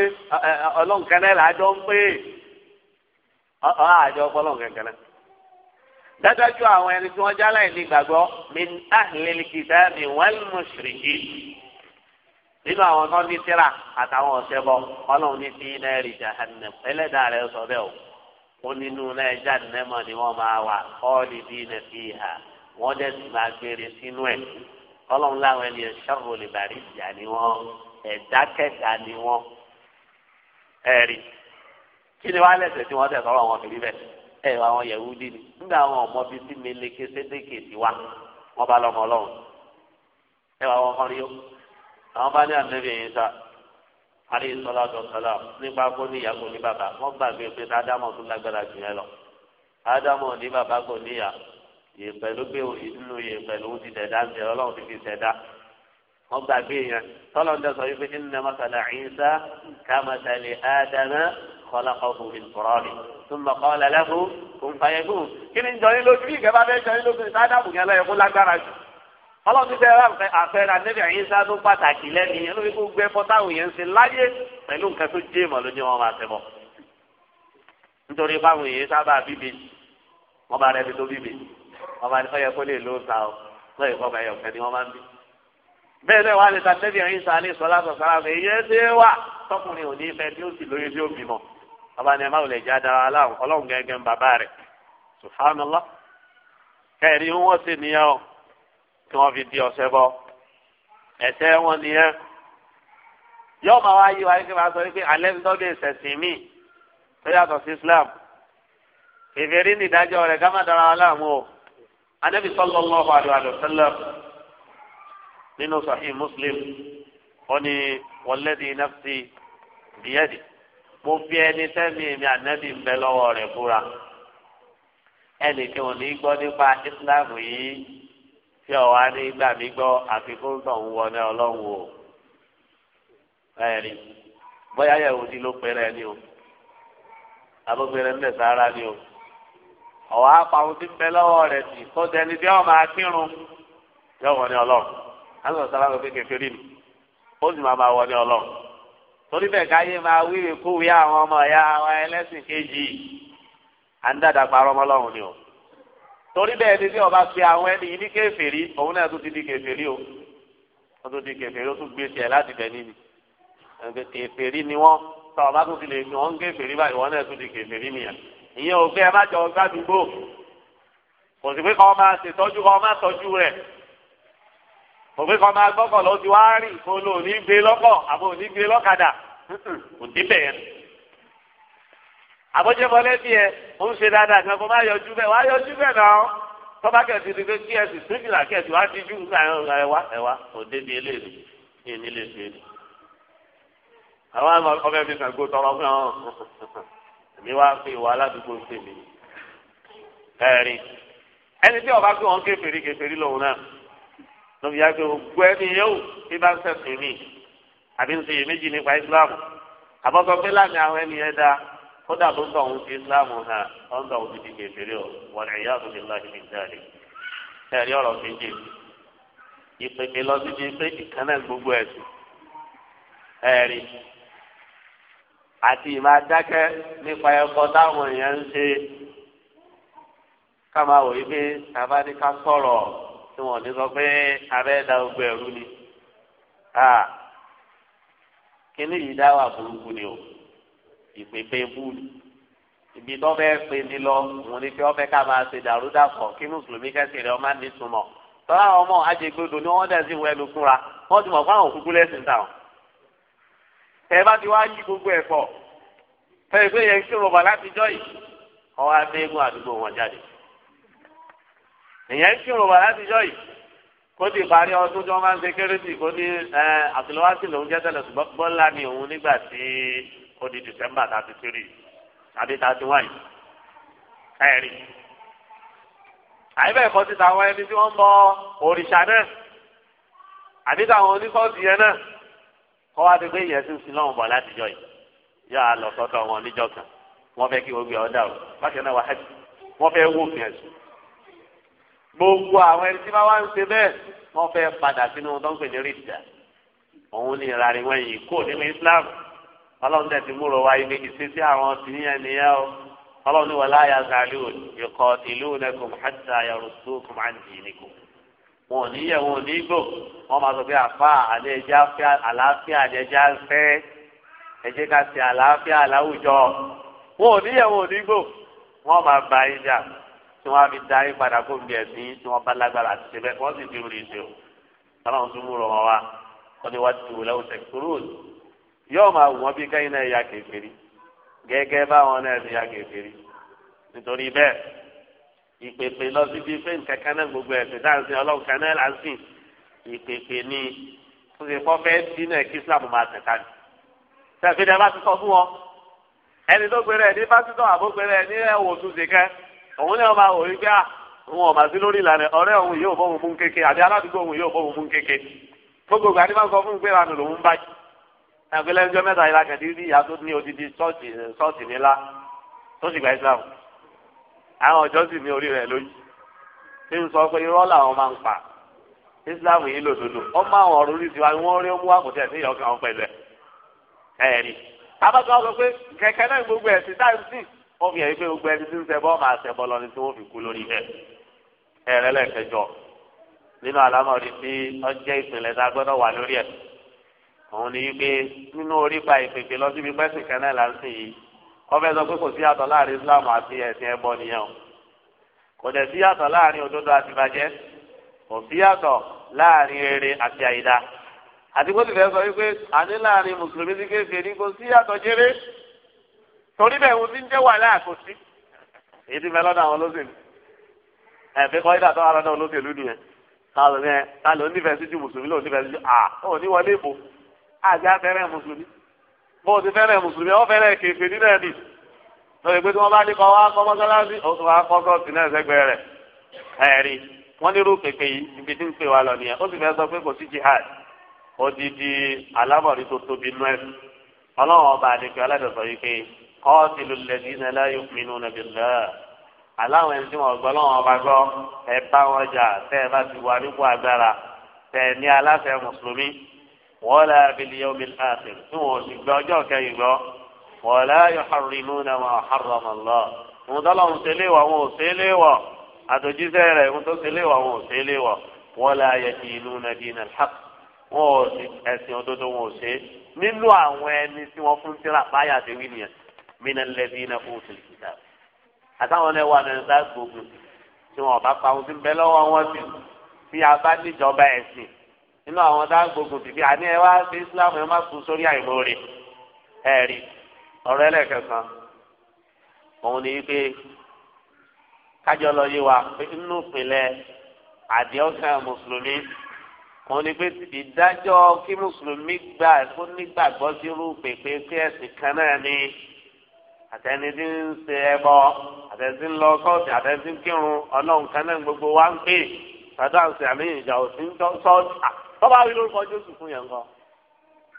ọlọ́run kẹlẹ́ là á jọ ń pè é àjọ ọlọ́run kẹkẹlẹ́ dájọ́jú àwọn ẹni tí wọ́n jálá ìní gbàgbọ́ min ahlil kitab wal mushrikin nínú àwọn tó ń ní tíra àtàwọn ọ̀sẹ̀ bọ ọlọ́run ní sí náírì jahannam ẹlẹ́dàá rẹ̀ sọ bẹ́ẹ̀ o ó nínú náírì jahannam ni wọ́n máa wà ọ́ọ́lì wọ́n dẹ̀ sì máa gbére sínú ẹ̀ ọlọ́run láwọn ẹni ẹ̀ṣọ́rò lè bàrí ìjà ni wọ́n ẹ̀dákẹ́dá ni wọ́n ẹ̀rí kí ni wàá lẹ̀sẹ̀ tí wọ́n tẹ̀ sọ́rọ̀ wọn kiri bẹ́ẹ̀ ẹ̀ wá wọn yẹ̀wú dí ni nígbà wọn ọmọ bíi sí mi léke sédèké sí wa wọn bá lọmọ ọlọ́run ẹ̀ wá wọn kọrin yó àwọn bá ní ànábì yìí sá alẹ́ sọlá dọ̀sọlá nípa kó níyà kó ní bàbá wọ́n gbàgbé pé ádámọ̀ tó lágbára jù yẹn lọ ádámọ̀ ní bàbá kò níyà yèèpẹ̀ ló gbé inú yèèpẹ̀ ló ti dẹ̀dá ṣe ọlọ́run ti fi ṣẹ̀dá wọ́n gbàgbé yẹn tọ́lọ̀ ń dẹ́sọ̀ wípé nínú masala Ìsá kàmásálì ádámà kọ́lákọ́kù ìkọ́rọ́ọ̀lì tún bọ̀ kọ́lá lẹ́hu kún fàyẹ̀kù kí ni jọyìn lójú kí ìjọba bẹ́ẹ̀ jọyìn lójú ìsádáàbù yẹn lọ́yẹ̀ kó lágbára jù ọlọ́run ti tẹ́ra àfẹ́ra níbi Ìsá tó pàtàkì lẹ́nu yẹn lórí kó gbẹ fọ́táwù yẹn ń ṣe láyé pẹ̀lú nǹkan ọba ní ọyẹ kó lè ló sa ọ lọ́yìn kọ́ ọba ẹ̀yọ̀kẹ́ ni wọ́n máa ń bí. bẹ́ẹ̀ náà wà ní sàtẹ́bí ẹ̀yìn sá ní sọlá sọ sára mi iye tí wà tọkùnrin ò ní fẹ́ tí ó sì lóye tí ó bímọ. ọba ní ẹ má wò lè já aláwọ̀ ọlọ́run gẹ́gẹ́ ń bàbá rẹ̀ subhanallah. kẹ́ẹ̀rí wọ́n sì níyà ọ tí wọ́n fi di ọ̀sẹ̀ bọ ẹ̀sẹ̀ wọn nìyẹn. yọ́ọ̀ máa wá yí wa kí wàá sọ wípé alẹ́ ń dọ́gbé ìṣẹ̀sìn míì tó yàtọ̀ sí Islam. ìfèrí nìdájọ́ rẹ̀ ká má dára aláàmú o anabi sallallahu alayhi wa sallam nínú sahih muslim ọni walladhi nafsi biyadi mo fi ẹni sẹ́mi mi anabi ń bẹ lọ́wọ́ rẹ̀ búra ẹnìkan ò ní gbọ́ nípa islam yìí tí ọ̀ wá ní gbà mí gbọ́ àfikún tó ń wọ ní ọlọ́run o ẹ̀rí bóyá yẹ̀wò ni ló pẹ́rẹ́ ni o abópẹ́rẹ́ ń bẹ̀ sára ni o ọ̀wá apàwọn tí ń bẹ lọ́wọ́ rẹ̀ sì kó dẹni tí wọ́n máa kírun yóò wọ ní ọlọ́run alùpùpù sábà pé kẹfẹ́rì ni ó sì máa máa wọ ní ọlọ́run torí bẹ́ẹ̀ káyé máa wíwèé kúwé àwọn ọmọ ẹ̀yà àwọn ẹlẹ́sìn kejì à ń dàdà parọ́ mọ́ lọ́run ni o torí bẹ́ẹ̀ ni bí ọba pe àwọn ẹni yìí ní kẹfẹ́rì òun náà tún ti di kẹfẹ́rì o wọ́n tún di kẹfẹ́rì ó tún gbé tiẹ̀ láti bẹ̀ níbi kẹfẹ́rì ni wọ́n tọ́ ọba tún ti lè ní wọ́n ń kẹfẹ́rì báyìí wọ́n náà tún di kẹfẹ́rì nìyẹn ìyẹn òfin ẹ má jọ gbàdúgbò kò sí pé kọ́ máa ṣètọ́jú kọ́ máa tọ́jú rẹ̀ kò pé kọ́ máa gbọ́kọ̀ lọ sí wá rìn kó lò ní gbé lọ́kọ̀ àbò ní gbé lọ́kadà kò débẹ̀ yẹn. àbójúbọlé bí ẹ ó ń ṣe dáadáa kan kó má yọjú bẹ́ẹ̀ wá yọjú bẹ́ẹ̀ náà tọ́ba kẹ̀sì ti pé kí ẹ sì sífìlà kẹ̀sì wá díjú ẹ̀wá ẹ̀wá kò débi eléyìí èmi wá pé ìwà aládùúgbò ń pè mí ẹ̀rí ẹni tí ọba pé wọn kéferì kéferì lòun náà lóbi yá pé gbogbo ẹni yóò bí bá ń sẹ̀sìn mí àbí ń sèyí méjì nípa Islam àbọ̀sọ pé láàmì àwọn ẹni yẹn dá kódà ló ń tọ̀ ọ̀hún sí Islam hàn ọ̀hún tọ̀ ọ̀hún ti di kéferì ọ̀ wọ́n rẹ̀ yá àbúlé lọ́ọ́ ìbí jáde ẹ̀rí ọ̀rọ̀ méjì ìpèkè lọ síbi pé ìkànnà gbogbo ẹ̀sìn ẹ̀rí àti ìmọ̀ adákẹ́ nípa ẹ̀kọ́ táwọn èèyàn ń ṣe ká wò yí pé tàbá ní ká sọ̀rọ̀ tí wọ́n ní sọ pé abẹ́ da ogun ẹ̀rú ni kíní yìí dá wà burúkú ni o ìpèpè búùlù ibi tó fẹ́ pe ni lọ òun ni pé wọ́n ká máa ṣe dàrúdàpọ̀ kí mùsùlùmí kẹsìn rẹ̀ ọmọ nítumọ̀ tọ́lá ọmọ ajẹgbẹ́dọ̀ ni wọ́n dẹ̀ sí wọ ẹnu wọ́n ti mọ̀ fáwọn òkúkú lẹ́sìn táwọn tẹ bá ti wá yí gbogbo ẹ pọ fẹ pé yẹn kí rọba láti jọ yìí ọwọ abẹ́gun àdúgbò wọn jáde èyàn kí rọba láti jọ yìí kó ti parí ọdún tí wọn máa ń ṣe kérésì kó ní ẹ àtìlọwásì lòún jẹ tẹ́lẹ̀ ṣùgbọ́n bọlá ni òun nígbà tí ó di december thirty three àbí thirty one ẹ̀rí àyẹ̀bẹ̀ ẹ̀kọ́ ti tàwọn ẹni tí wọ́n ń bọ òrìṣà náà àbí tàwọn oníkọ́ọ̀tì yẹn náà kọ́ wá ti pé ìyẹn sì ń sin lọ́wọ́ bọ̀ látijọ́ yìí yà á lọ sọ́dọ̀ wọn níjọ́ kan wọ́n fẹ́ kí gbogbo ọ̀dà o bákan náà wà á wọ́n fẹ́ wó fi ẹ̀sùn. gbogbo àwọn ẹni tí bá wá ń ṣe bẹ́ẹ̀ wọ́n fẹ́ padà sínú dọ́ńpẹ̀ ní rìdà òun ní ìrarí wọn yìí kó nínú Islam ọlọ́run tẹ̀ ti múrò wáyé ní ìṣesí àwọn tìníyàn nìyẹn o ọlọ́run wọn ò ní yẹ wọn ò ní gbò wọn máa sọ pé àfa àdéjà fẹ àlàáfíà àdéjà fẹ ẹjẹ ká ṣe àlàáfíà láwùjọ wọn ò ní yẹ wọn ò ní gbò wọn máa ba ìjà tí wọn fi darí padà kó bí ẹsìn tí wọn bá lágbára àti ṣẹbẹ wọn sì fi rí ṣe o Ọlọ́run tún múrò wọn wá wọn ni wá ti wò lẹwọsẹ kúrò yóò máa wù wọn bí kẹ́yìn náà ya kèfèrí gẹ́gẹ́ báwọn náà ti ya kèfèrí nítorí bẹ́ẹ̀ ìpèpè lọ síbi pé nǹkan kan náà gbogbo ẹ̀sìn dáhùnsìn ọlọ́run kan náà láǹsìn ìpèpè ni tó ṣe dínà kí islam máa tẹ̀ka ni. sẹ́fìdẹ́ bá ti sọ fún wọn ẹni tó gbé rẹ̀ ní pásítọ̀ àbógbé rẹ̀ ní ẹ̀wọ̀n tún ṣe kẹ́ òun náà máa wò wípé àwọn ah, ọ̀mà sí lórí ìlànà ọ̀rẹ́ òun yóò bọ́ òun mú kéke àbí aládùúgbò òun yóò bọ́ òun mú kéke gbogbo ìgbà máa sọ fún ìgbéra nù lòun bá jù ẹgbẹ́ lẹ́jọ́ mẹ́ta ìlà kẹ̀dí ìyá tó ní odidi ṣọ́ọ̀ṣì ńlá tó sì gba ìsìlámù àwọn ọjọ́ sì ní orí rẹ̀ lóyún tí ń sọ pé irọ́ làwọn máa ń pa Islam yìí lòdòdò ọmọ àwọn ọ̀rọ̀ orí tiwa ni wọ́n rí ọmú àkùtẹ̀ sí ìyọkàn àwọn pẹ̀lú ẹ̀ ẹ̀rí. abájọ́ sọ pé kẹ̀kẹ́ náà gbogbo ẹ̀ sí táyì sí wọ́n fi hàn pé gbogbo ẹni tí ń ṣẹbọ máa ṣẹbọ lọ ni tí wọ́n fi kú lórí ẹ̀ ẹ̀rẹ́ lẹ́ẹ̀kẹjọ nínú àlámọ̀rí tí ọjọ́ ìpìlẹ̀ tá a gbọ́dọ̀ wà lórí ẹ̀ òun ni wípé nínú orí pa ìpèpè lọ síbi pẹ́sì kan là ń sìn yìí ọbẹ̀ sọ pé kò sí yàtọ̀ láàrin islam àti ẹ̀sìn ẹbọ nìyẹn o kò dẹ̀ sí yàtọ̀ láàrin òdodo àti bàjẹ́ kò sí yàtọ̀ láàrin rere àti àyídá àti kó sì fẹ́ sọ wípé àní láàrin mùsùlùmí sí kéferì kò sí yàtọ̀ jẹrẹ torí bẹ́ẹ̀ wo ti ń jẹ́ wàhálà kò sí èyí ti fẹ́ lọ́dọ̀ àwọn olóṣèlú ẹ̀ fi kọ́ ìdàtọ̀ ara náà olóṣèlú nìyẹn ta ló nífẹ̀ẹ́ sí ju mùsùlùmí sí ju à ó bó o ti fẹ́rẹ̀ mùsùlùmí ọ fẹ́rẹ̀ kẹfẹ́ nínú ẹ̀ nì lórí pé tí wọ́n bá ní kọ́ wá kọ́ mọ́sálásí ó tún wá kọ́ sọ́ọ̀tì náà sẹ́gbẹ́ rẹ̀ ẹ̀rí wọ́n nírú pèpè yìí ibi tí ń pè wá lọ nìyẹn ó sì fẹ́ sọ pé kò sí jihad odidi alámọ̀rí tó tóbi nú ẹ̀ ọlọ́run ọba àdìgbò aládọ̀sọ yìí pé kọ́ọ̀tìlù lẹ́dínà láyò pinnu nàbìlá aláwọn ẹni tí wọn gbọ́ lọ́wọ́ ọba gbọ́ ẹ bá wọn jà tẹ́ ẹ bá ti wà nípò agbára tẹ́ ní aláfẹ́ mùsùlùmí wọ́lá abilé omi àṣẹ tí wọ́n sì gbọ́ ọjọ́ kẹyìn gbọ́ wọ́lá yóò harimu náà wọ́n haramu lọ. òun tó lọ́wọ́ sílẹ̀ wọ̀ wọn ò sílẹ̀ wọ̀ àtòjíṣẹ́ rẹ̀ òun tó sílẹ̀ wọ̀ wọn ò sílẹ̀ wọ̀ wọ́lá ayẹyẹ ìlú nàdínà hàk wọn ò sí ẹ̀sìn òdodo wọn ò ṣe nínú àwọn ẹni tí wọ́n fún tíra báyà ti wí nìyẹn mina lẹ́bínà fún òṣèlú àtàwọn ẹwà nàìjíríà gbogbo tí wọn bá pa ohun tí ń bẹ lọ́wọ́ wọn sí tí a níjọba ẹ̀sìn nínú àwọn tá a gbógun tìbí àní ẹ wá sí islam ẹ má sùn sórí àìmọre ẹ rí ọ̀rọ̀ ẹlẹ́kẹ̀kan òun ni wípé kájọ lọ yé wa pé nínú ìpìlẹ̀ àdéhùnsán mùsùlùmí òun ni pé ìdájọ́ kí mùsùlùmí gbà kó nígbàgbọ́ sírú pèpè sí ẹ̀sìn kan náà ni àtẹni tí ń ṣe ẹbọ àtẹni tí ń lọ sọ́ọ̀tì àtẹni tí ń kírun ọlọ́run kan náà gbogbo wa ń pè sọ́dọ̀ àti àmì ìjà òsín sọ́ọ̀tì tọ́ba rí lórúkọ jésù fún yẹn kọ́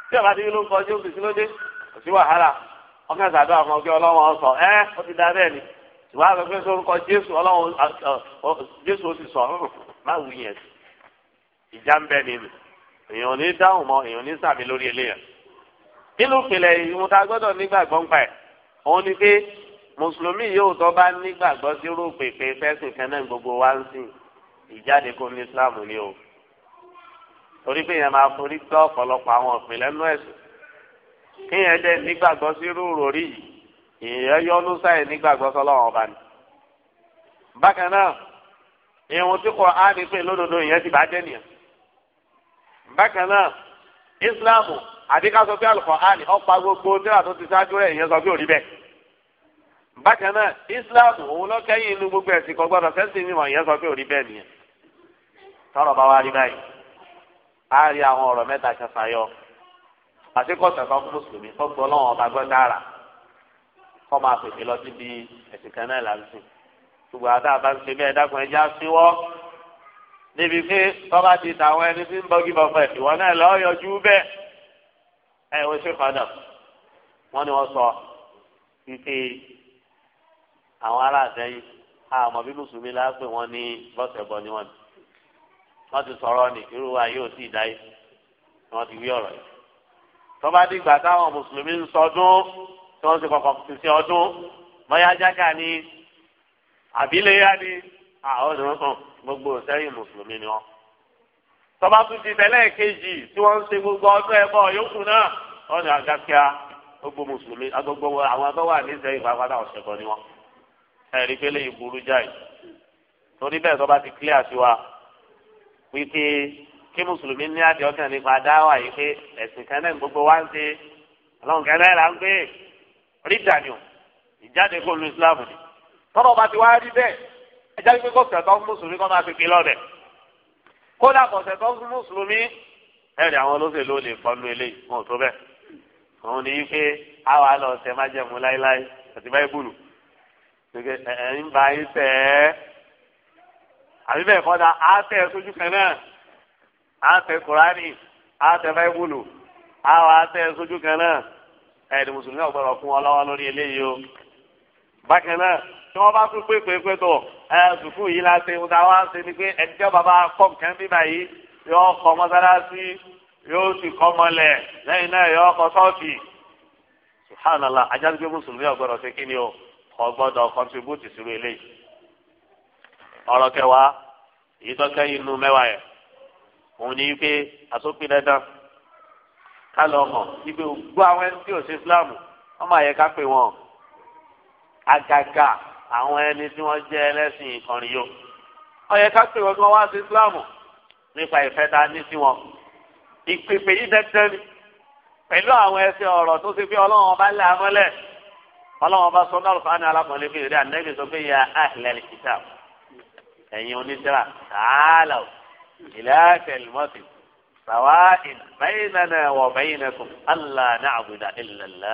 tí ọba ti rí lórúkọ jésù sí lóde kò sí wàhálà ọkàn ìsàdó àwọn ọgbẹ́ ọlọ́wọ́n ọ̀sọ̀ ẹ́ ó ti da bẹ́ẹ̀ ni ìwà àgbẹ̀gbẹ́ sórúkọ jésù ọlọ́wọ́n jésù ó ti sọ hmm, má wù yẹn ìjà ń bẹ nínú èèyàn ní dáhùn mọ èèyàn ní sàmì lórí eléyàn nínú ìpìlẹ̀ ìmúta gbọ́dọ̀ nígbàgbọ́ ń pa ẹ̀ òun ni pé mùsùlùmí yóò tọ́ bá nígbàgbọ́ sí rúpèpè fẹ́sìn kan gbogbo wa ń sìn ìjáde kó ní islam ni o torí pé yẹn máa forí gbọ́ ọ̀pọ̀lọpọ̀ àwọn òfin lẹ́nu ẹ̀sìn kí yẹn dẹ́ nígbàgbọ́ sí rúurú rí yìí ìyẹn yọnu sáyẹn nígbàgbọ́ sọlọ́wọ́n ọba ni. bákan náà ìwọ̀n tí kò á ní pé lódodo ìyẹn ti bàjẹ́ nìyẹn. bákan náà ìsìláàmù àdìkásọ bí alùpùpù á ní ọ̀pá gbogbo tíra tó ti ṣáájú rẹ̀ ìyẹn sọ bí òrí bẹ́ẹ̀. bákan náà ìsìláàmù òun lọ́kẹ́yìn inú gbogbo ẹ̀sìn kọ́gbọ́dọ̀ sẹ́sìn mímọ́ ìyẹn sọ bí òrí bẹ́ẹ̀ nìyẹn. tọ́rọ̀ bá wa rí báyìí a àwọn ọ̀rọ̀ mẹ́ta ṣẹṣà yọ kan fún mùsùlùmí tó gbọ́ lọ́wọ́ ọba gbọ́ dára kọ́ máa pèsè lọ síbi ẹ̀sìn kan náà làásù ṣùgbọ́n àti àbá ń ṣe bí ẹ̀dá kan ẹja síwọ́ níbi pé tọ́ba ti tàwọn ẹni tí ń bọ́gí bọ́fẹ̀ ìwọ náà lọ́ọ́ yọjú bẹ́ẹ̀ ẹ̀ wọ́n ṣe padà wọ́n ni wọ́n sọ wípé àwọn aláàtẹ̀yìn àmọ́ bí mùsùlùmí láàpẹ̀ wọ́n ní bọ́sẹ̀ bọ́ ni wọ́n ni wọ́n ti sọ̀rọ̀ ní irú wa yóò sì dáyé ni wọ́n ti wí ọ̀rọ̀ yìí. tọ́ba dìgbà táwọn mùsùlùmí ń sọdún tí wọ́n ti kọ̀kọ̀ ti ṣe ọdún mọ́yájáka ni àbíléyá ni àwọn ọ̀dùnkàn gbogbo sẹ́yìn mùsùlùmí ni wọ́n. tọ́ba tún ti tẹ́lẹ̀ kejì tí wọ́n ń ṣe gbogbo ọdún ẹ̀bọ yòókù náà wọ́n ní àgàkíá gbogbo mùsùlùmí agbogbo àwọn agbọ́wà ní sẹ́yìn pàápàá ọ̀ṣẹ̀kọ ni wọ́n. ẹ̀rí pélé ìburú jáì torí bẹ́ẹ̀ tọ́ba ti kílíà sí wa wípé kí mùsùlùmí ní àdé ọkàn nípa dáwà yìí pé ẹ̀sìn kan náà gbogbo wa ń ṣe ọlọ́run kan náà là ń gbé rí dànù ìjáde kó lu islam ni tọ́lọ́ bá ti wá rí bẹ́ẹ̀ ẹjá wípé kò sẹ̀tọ́ fún mùsùlùmí kọ́ máa fi pin lọ́dẹ̀ kódà kò sẹ̀tọ́ fún mùsùlùmí ẹ̀rì àwọn olóṣèlú lè pọnú eléyìí wọn ò tó bẹ́ẹ̀ òun ni wípé àwa lọ sẹ májẹ̀mú láíláí àti báyìí àbí bẹ́ẹ̀ kọ́ da á tẹ̀ sójú kan náà á tẹ̀ kùránì á tẹ̀ báíbùlù á wà á tẹ̀ sójú kan náà ẹ̀ẹ́dì mùsùlùmí náà gbọ́dọ̀ fún wọn lọ́wọ́ lórí eléyìí o. bákan náà tí wọ́n bá tún pépè pé ẹ sùkúù yìí la ṣe ìwúta wá ṣe ni pé ẹni tí bàbá kọ́ nǹkan bíbá yìí yóò kọ́ mọ́sálásí yóò sì kọ́ mọ́lẹ̀ lẹ́yìn náà yóò kọ́ sọ́ọ̀fì. subhanallah ajá gbé mùsùlùmí náà gbọ́dọ̀ ṣe kí ni o kò ọ̀rọ̀ kẹwàá èyí tó kẹ́ inú mẹ́wàá yẹn òun ni pé àsopin dandan ká lọ mọ̀ ibi ògbó àwọn ẹni tí ò sí Islam wọ́n máa yẹ ká pè wọ́n àgàgà àwọn ẹni tí wọ́n jẹ́ ẹlẹ́sìn ìkànnì yó ó yẹ ká pè wọ́n kí wọ́n wá sí Islam nípa ìfẹ́ ta ní sí wọn ìpèpè yìí dandan ni pẹ̀lú àwọn ẹsẹ̀ ọ̀rọ̀ tó ṣe pé ọlọ́run ọba lé amọ́lẹ̀ ọlọ́run ọba sọ náà lọ́kàn án ní alákùnrin bíi rẹ̀ ànẹ́bí sọ pé ya ahlẹ̀ kìtàbù ẹ̀yin oníṣẹ́ra tààlà ìlà kẹlmọ́tì sàwá ìbẹ́yìnàna wọ bẹ́yìnàkùn allah náà àbùdá ìlàlá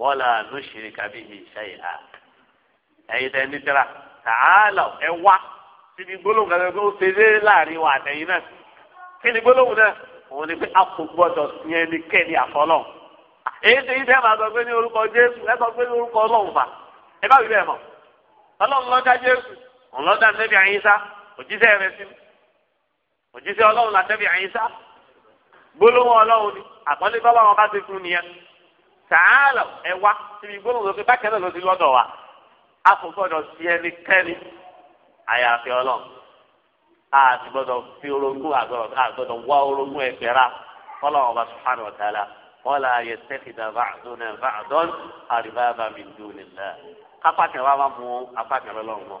wọ́lá nùṣìrì kàbí ìṣẹ́yà. ẹ̀yin tẹ̀ níṣẹ́ra tààlà ẹ wá síbi gbólóhùn kan tó ṣe dé láàrin wa àtẹ̀yìn náà kí ni gbólóhùn náà òun ni pé a kò gbọ́dọ̀ yẹn ní kẹ́ni àfọlọ́hùn èyí tẹ̀yìn tẹ́ máa sọ pé ní orúkọ jésù ẹ sọ pé ní orúkọ ọlọ́run fà ẹ bá wí bẹ́ẹ̀ mọ̀ ọlọ́run lọ́ka jésù ọlọ́dà nẹ́bí àyínsá òjíṣẹ́ rẹ̀ sí mi òjíṣẹ́ ọlọ́run là nẹ́bí àyínsá gbólóhùn ọlọ́run ni àpọ́nlé bábà wọn bá ti fún nìyẹn tààlà ẹ wá síbi gbólóhùn lókè bákẹ́ náà ló ti lọ́dọ̀ wa a kò gbọ́dọ̀ sí ẹnikẹ́ni àyàfi ọlọ́run a ti gbọ́dọ̀ fi orogún àgbọ̀dọ̀ wá orogún ẹ̀fẹ̀ ra ọlọ́run ọba subhanahu wa ta'ala wọ́lá ayé tẹ́kìdá bàdúnà bàdún àríbá bàmí dùn nílẹ̀ apá kẹwàá máa mú apá kẹwàá lọ́wọ́.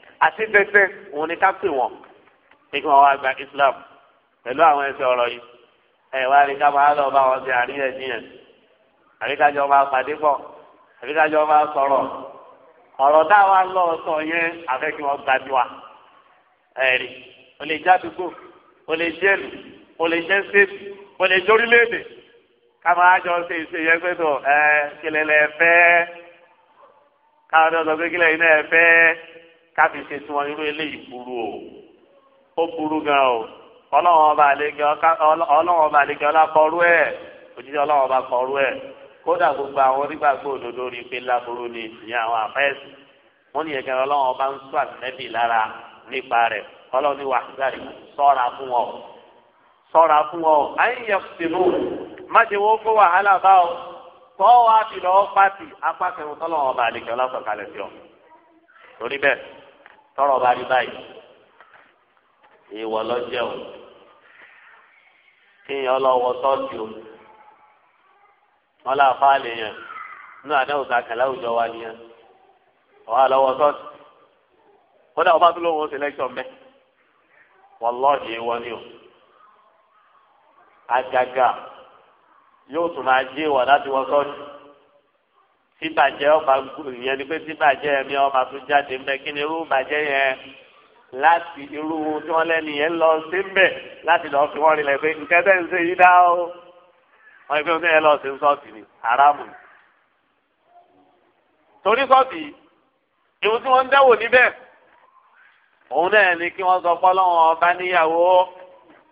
àti tẹ́tẹ́ òun ni ká pè wọ́n ní kí wọ́n wá gba Islam pẹ̀lú àwọn ẹsẹ̀ ọ̀rọ̀ yìí ẹ̀ wá rí ká máa lọ bá wọn ṣe àríyànjiyàn àríkájọ máa pàdé pọ̀ àríkájọ máa sọ̀rọ̀ ọ̀rọ̀ táwa lọ sọ yẹn afẹ́ kí wọ́n gbàdúrà ẹ̀rí o lè já àdúgbò o lè jẹ́lu o lè jẹ́ ṣéèpì o lè jórílẹ̀èdè ká máa jọ ṣe ìṣe yẹn pé tó ẹ kílẹ̀ lẹ fẹ́ káwọn ọ̀dọ́ pé kílẹ̀ yìí náà káfí ṣe tí wọn irú eléyìí burú o ó burú gan o ọlọ́wọ́n ọba àlejò ọlákọ̀ọ́rú ẹ̀ òjijì ọlọ́wọ́n ọba kọ̀ọ́rú ẹ̀ kódà gbogbo àwọn onígbàgbọ́ òdodo rí i pé láburú ni ìyẹn àwọn àfẹ́sì wọ́n ní ẹ̀gẹ́ ọlọ́wọ́n ọba ń sọ àtẹ́bì lára nípa rẹ̀ ọlọ́wọ́n ní wàhálà sọ́ra fún ọ sọ́ra fún ọ àyìnyẹ sínú má ṣe wọ́n fún wàhálà bá ọ tọ́ wa fi lọ́ọ́ pàtì apá kẹrin tọ́lọ́wọ́n ọba àlejò ọlá torí bẹ́ẹ̀ tọrọ bá rí báyìí ìwọ lọ́jẹ́ o kéèyàn lọ́wọ́ sọ́ọ̀tì o wọn là fà lèèyàn nínú àdáwò sàkàlà òjò wa nìyẹn ọ̀hà lọ́wọ́ sọ́ọ̀tì wọn dà wọn bá tún lóun ṣe lẹ́kṣọ̀ wọn lọ́ọ̀dì ìwọ ni o àgàgà yóò tún máa jẹ́ ìwà láti wọ sọ́ọ̀tì tí bàjẹ́ ọba yẹn ni pé tí bàjẹ́ ẹ̀mí ọba tó jáde ń bẹ kí ni irú bàjẹ́ yẹn láti irú tí wọ́n lẹ́nu yẹn lọ sí ń bẹ̀ láti lọ́ọ́ fi wọ́n rinlẹ̀ pé nǹkan tẹ́ ń ṣe yí dá o wọ́n ní pé wọ́n yẹn lọ sí sọ́ọ̀tì ni haramu. torí sọ́ọ̀tì ìwọ tí wọ́n ń dẹ́wò níbẹ̀ òun náà ni kí wọ́n sọ pé ọlọ́run ọba níyàwó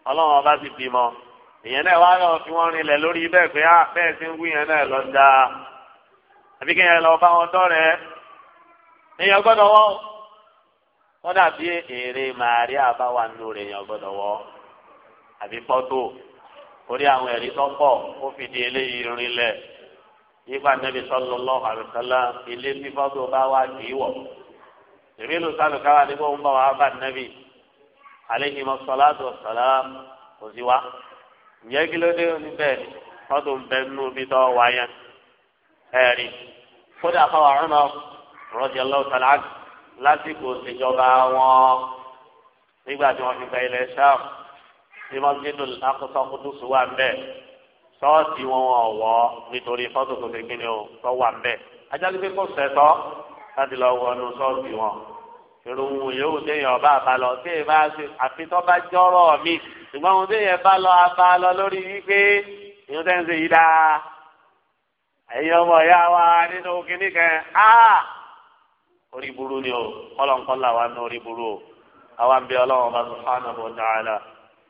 ọlọ́run ọba ti bímọ ìyẹn náà wá lọ fi wọ́n rinlẹ̀ lórí bẹ́ẹ̀ pé ah, bẹ́ẹ̀ ti ń wí yẹn náà àbí kéèyàn lọ bá wọn dọ́rẹ̀ẹ́ èèyàn gbọ́dọ̀ wọ́ wọ́n dàbí èrè màríà bá wà nínú rẹ̀ èèyàn gbọ́dọ̀ wọ́ àbí fọ́tò orí àwọn ẹ̀rí tó pọ̀ ó fi di eléyìí rinlẹ̀ yípa nẹ́bí sallallahu alaihi wasallam ilé tí fọ́tò bá wà kì í wọ̀ èmi ló sálùkáwà nígbà òun bá wà á bá nẹ́bí alaihi salatu wassalam kò sí wa ǹjẹ́ kí ló dé oníbẹ̀ fọ́tò ń bẹ nínú ibi tó wà ẹ̀rí kódà fáwọn ọ̀run náà rọ́jà lásìkò ìṣèjọba wọn nígbà tí wọ́n fi gba ilẹ̀ sáàmù tí wọ́n ti dùn akọ́sọ́kútù sùn wà mbẹ́ sọ́ọ̀tì wọn wọ̀ nítorí fọ́tò tó fi kíni o sọ wà mbẹ́ ajáde kó sẹ́tọ́ láti lọ wọ inú sọ́ọ̀tì wọn ìrùwù yòówù téèyàn bá bá lọ tí bá ṣe àfitọ́ bá jọ́rọ̀ mi ṣùgbọ́n ohun téèyàn bá lọ abá lórí wípé ìyóntẹ́ ń ṣe yìí dáa ẹ̀yin ọmọ ìyá wa nínú kínní kan á orí burú ni o kọ́lọ̀nkọ́lọ̀ wa ní orí burú o àwa ń bẹ ọlọ́run bá subhanahu wa ta'ala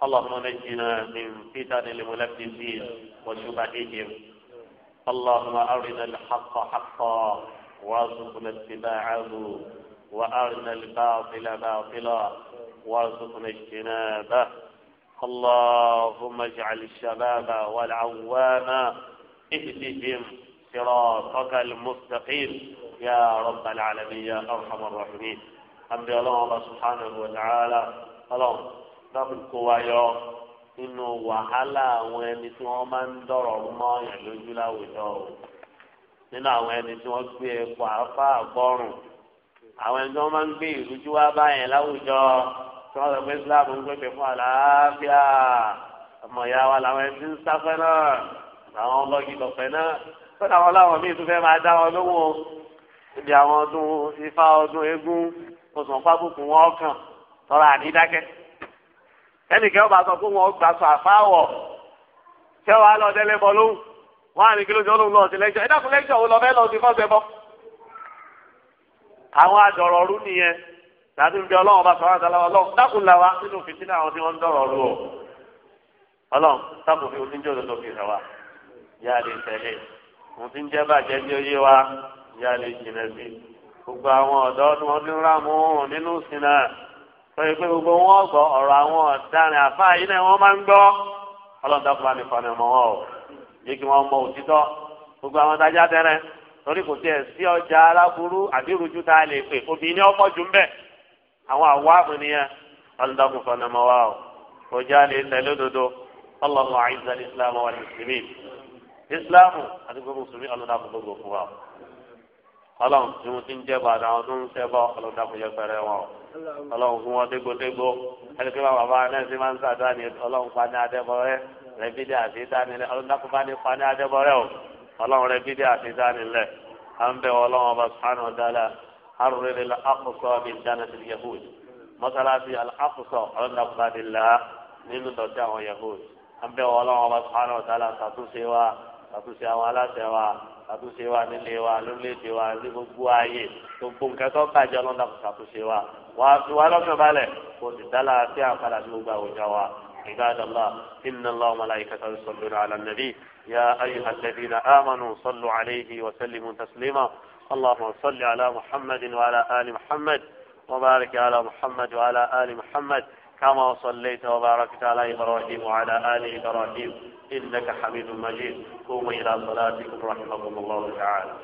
اللهم نجنا من فتن الملبسين وشبههم اللهم أرنا الحق حقا وارزقنا اتباعه وأرنا الباطل باطلا وارزقنا اجتنابه اللهم اجعل الشباب والعوام اهدهم صراطك المستقيم يا رب العالمين يا أرحم الراحمين حمد الله سبحانه وتعالى اللهم dábùn kó wa yọ nínú wàhálà àwọn ẹni tí wọ́n máa ń dọ̀rọ̀ mọ́ ọ̀yàn lójú láwùjọ o nínú àwọn ẹni tí wọ́n gbé ẹ̀kọ́ àáfà àgbọrùn àwọn ẹni tí wọ́n máa ń gbé ìrújú wá báyẹn láwùjọ tí wọ́n sọ pé Islam ń pèpè fún àlàáfíà ọmọ ìyá wa làwọn ẹni tí ń sáfẹ́ náà làwọn ọlọ́gì náà sọ́dọ̀ àwọn láwọn míì tún fẹ́ máa dá wọn lówó ibi àwọn ọdún ifá ọdún eégún oṣù pábùkù wọn kàn tọ́ra àdídákẹ́ ẹnìkan ọba sọ pé wọn gbà sọ àfáwọ̀ tẹ́ wàá lọ dẹ́lẹ́ bọ lóhùn wọn àní kí ló ti olóhùn lọ sí lẹ́jọ́ ẹ̀dá fún lẹ́jọ́ òun lọ fẹ́ lọ sí fọ́sẹ̀ bọ́. àwọn àdọ̀rọ̀rú nìyẹn tàbí ibi ọlọ́run ọba sọ̀rọ̀ àtàlà ọlọ́run ọlọ́run sábò òun ti ń jẹ́ bàjẹ́ tí ó yé wa ìyá lè jìnà sí gbogbo àwọn ọ̀dọ́ tí wọ́n ti ń rámú nínú ìsìn náà sọ pé gbogbo wọn gbọ́ ọ̀rọ̀ àwọn ọ̀daràn àfáà yìí náà wọ́n máa ń gbọ́ ọlọ́dọ́kùnrin ní fani ọmọ wọn o yé kí wọ́n mọ òtítọ́ gbogbo àwọn tajà tẹ́rẹ̀ torí kò tiẹ̀ sí ọjà aláburú àdírújú tá a lè pè obìnrin ọkọ̀ jù ń bẹ̀ àwọn àwa àmúniyẹn ọlọ́dọ́kùnrin islam wà ní ìsìláàmù àti gbogbo mùsùlùmí ọlọ́dàkú gbogbo fún wa ọlọ́run tí wọ́n ti ń jẹ́bọ̀ àtàwọn tó ń sẹ́bọ̀ ọlọ́dàkú yẹ pẹ́rẹ́ wọn ọlọ́run fún wọn dégbòdégbò ẹni pé bàbá náà ṣe máa ń sàdúrà ní ọlọ́run pani adébọ̀rẹ́ rẹ̀ bídẹ́ àti ìdánilẹ̀ ọlọ́dàkú bá ní pani adébọ̀rẹ́ o ọlọ́run rẹ̀ bídẹ́ àti ìdánilẹ̀ à ń bẹ̀ ọlọ́run ọba sùhánù ọ̀dàlà arúgbó al-Aqsa bíi dáná ti yahud mọ́sálásí al-Aqsa bá ní là nínú dọ̀tí àwọn yahud à ń bẹ̀ ọlọ́run ọba sùhánù ọ̀dàlà ṣàtúnṣe wa àtúnṣe àwọn aláṣẹ wa àtúnṣe wa nílé wa lórílẹ̀‐èdè wa ní gbogbo ayé gbogbo nǹkan tó bàjẹ́ ọlọ́dà kò ṣàtúnṣe wa wà á fi wá lọ́kàn balẹ̀ kò sì dálá sí àpàdà sí gbogbo àwùjọ wa عباد الله إن الله ملائكته يصلون على النبي يا أيها الذين آمنوا صلوا عليه وسلموا تسليما اللهم صل على محمد وعلى آل محمد وبارك على محمد وعلى آل محمد كما صليت وباركت على إبراهيم وعلى آل إبراهيم إنك حميد مجيد قوموا إلى صلاتكم رحمكم الله تعالى